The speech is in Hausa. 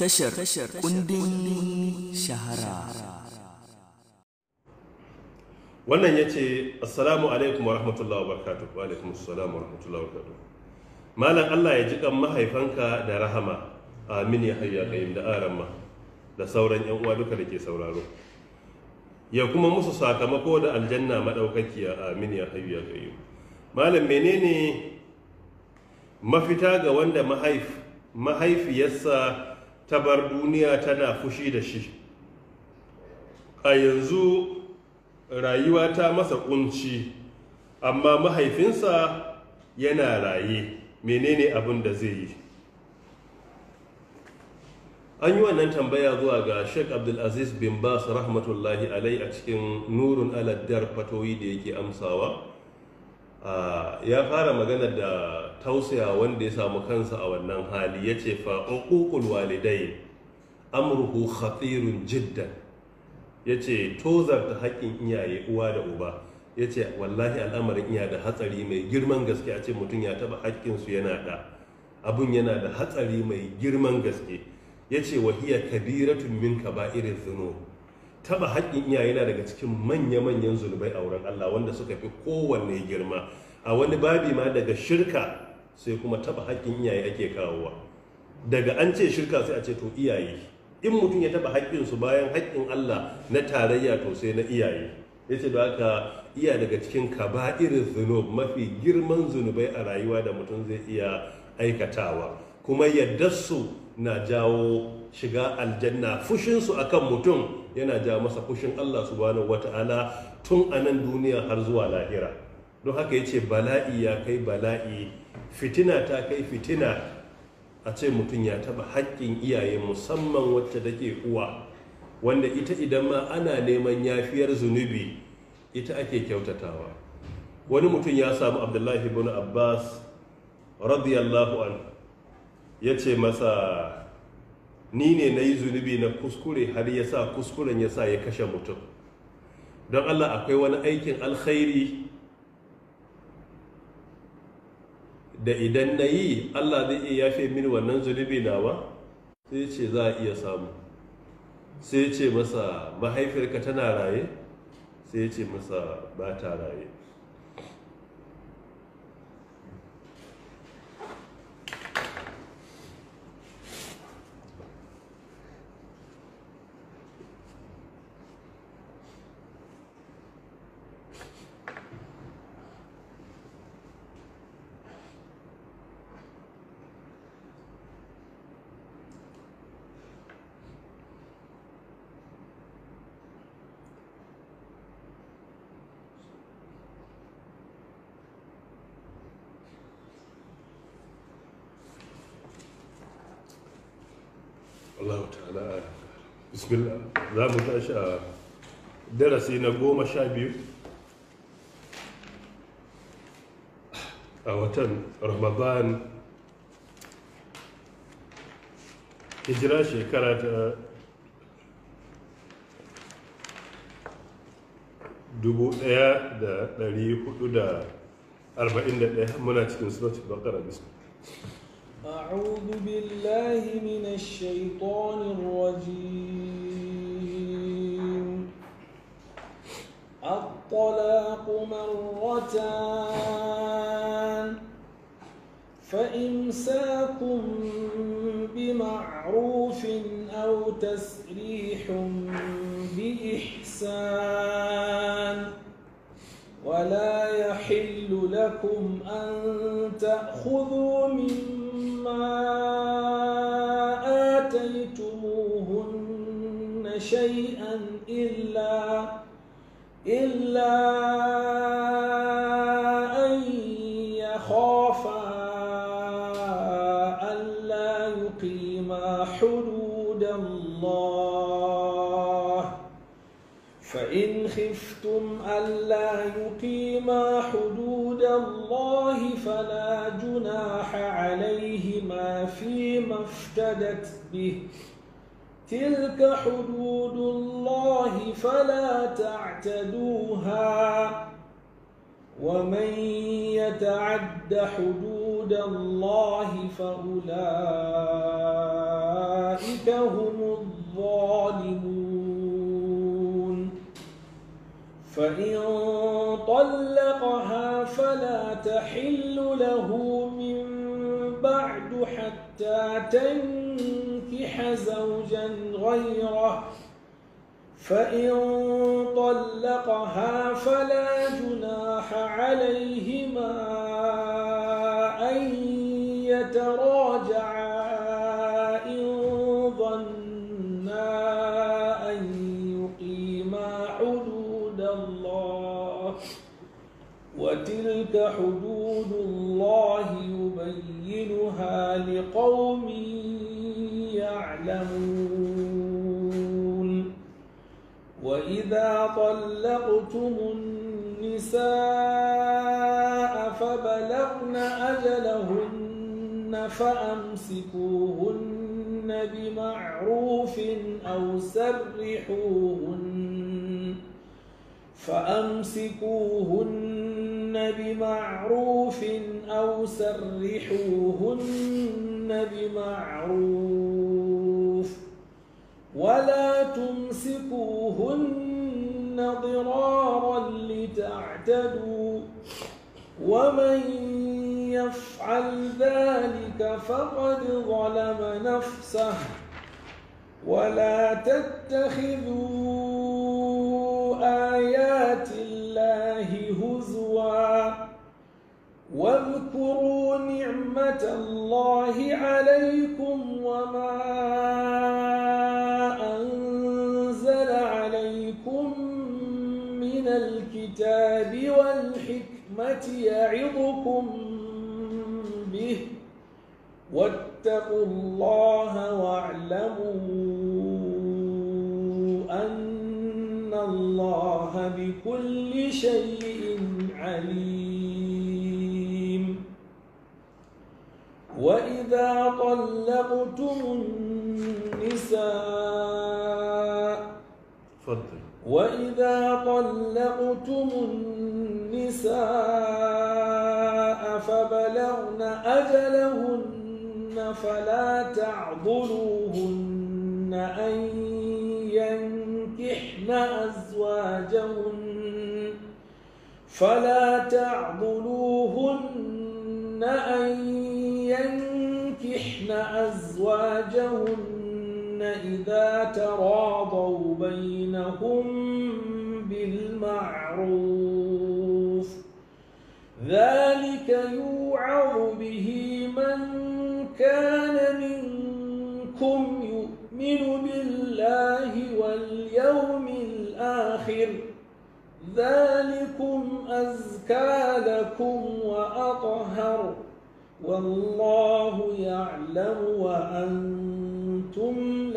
tashar kundin shahara wannan ya ce assalamu alaikum wa rahmatullahi wa barakatuh wa alaikum assalamu wa rahmatullahi wa barakatuh malam allah ya ji mahaifanka da rahama amin ya hayya kayyim da aramma da sauran yan uwa duka da ke sauraro ya kuma musu sakamako da aljanna madaukakiya amin ya hayyu ya qayyum malam menene mafita ga wanda mahaif mahaifiyarsa ta bar duniya tana fushi da shi a yanzu rayuwa ta masa kunci amma mahaifinsa yana raye menene abin da zai yi an yi wannan tambaya zuwa ga Sheikh abdulaziz bin bas rahmatullahi alai a cikin nurin aladdar fatoyi da yake amsawa ya fara magana da tausaya wanda ya samu kansa a wannan hali ya ce fa walidai Amurku khatirun jidda. ya ce tozarta haƙƙin iyaye uwa da uba ya ce wallahi al'amarin iya da hatsari mai girman gaske a ce mutum ya taɓa haƙƙinsu yana da abun yana da hatsari mai girman gaske ya ce wahiya kabiratun min ba irin zunub taba haƙƙin iyaye na daga cikin manya-manyan zunubai a wurin Allah wanda suka fi kowanne girma a wani babi ma daga shirka sai kuma taba haƙƙin iyaye ake kawowa daga an ce shirka sai a ce to iyaye in mutum ya taba su bayan haƙƙin Allah na tarayya to sai na iyaye ya ce da haka iya daga cikin kaba'irin zunub mafi girman zunubai a rayuwa da mutum zai iya aikatawa kuma yadda su na jawo shiga aljanna fushinsu akan mutum yana ja masa fushin Allah subhanahu wata'ala tun a nan duniya har zuwa lahira don haka ya ce bala'i ya kai bala'i fitina ta kai fitina a ce mutum ya taba haƙƙin iyaye musamman wacce take uwa wanda ita idan ma ana neman yafiyar zunubi ita ake kyautatawa wani mutum ya samu abdullahi ibn abbas radiyallahu an ya ce masa ni ne na yi zunubi na kuskure har ya sa kuskuren ya sa ya kashe mutum don allah akwai wani aikin alkhairi da idan na yi allah zai iya yafe mini wannan zunubi nawa sai ce za a iya samu sai ce masa mahaifiyarka tana raye sai ce masa ba ta raye Allah ta'ala bismillah za mu tashi a darasi na goma sha biyu a watan ramadan hijira shekara ta 1441 muna cikin suratul bakara bismillah أعوذ بالله من الشيطان الرجيم الطلاق مرتان فإمساكم بمعروف أو تسريح بإحسان ولا يحل لكم أن تأخذوا مما آتيتموهن شيئا إلا إلا أن يخافا ألا يقيما حدود الله فإن خفتم ألا يقيما حدود الله فلا جناح عليهما فيما افتدت به تلك حدود الله فلا تعتدوها ومن يتعد حدود الله فأولئك هم الظالمون فإن طلقها فلا تحل له من بعد حتى تنكح زوجا غيره فإن طلقها فلا جناح عليهما أن يتراجعا يبينها لقوم يعلمون وإذا طلقتم النساء فبلغن أجلهن فأمسكوهن بمعروف أو سرحوهن فأمسكوهن فسروهن بمعروف أو سرحوهن بمعروف ولا تمسكوهن ضرارا لتعتدوا ومن يفعل ذلك فقد ظلم نفسه ولا تتخذوا آيات واذكروا نعمة الله عليكم وما أنزل عليكم من الكتاب والحكمة يعظكم به واتقوا الله واعلموا أن الله بكل شيء عليم طلقتم النساء فضل. وإذا طلقتم النساء فبلغن أجلهن فلا تعضلوهن أن ينكحن أزواجهن فلا تعضلوهن أن أزواجهن إذا تراضوا بينهم بالمعروف ذلك يوعظ به من كان منكم يؤمن بالله واليوم الآخر ذلكم أزكى لكم وأطهر والله يعلم وأنتم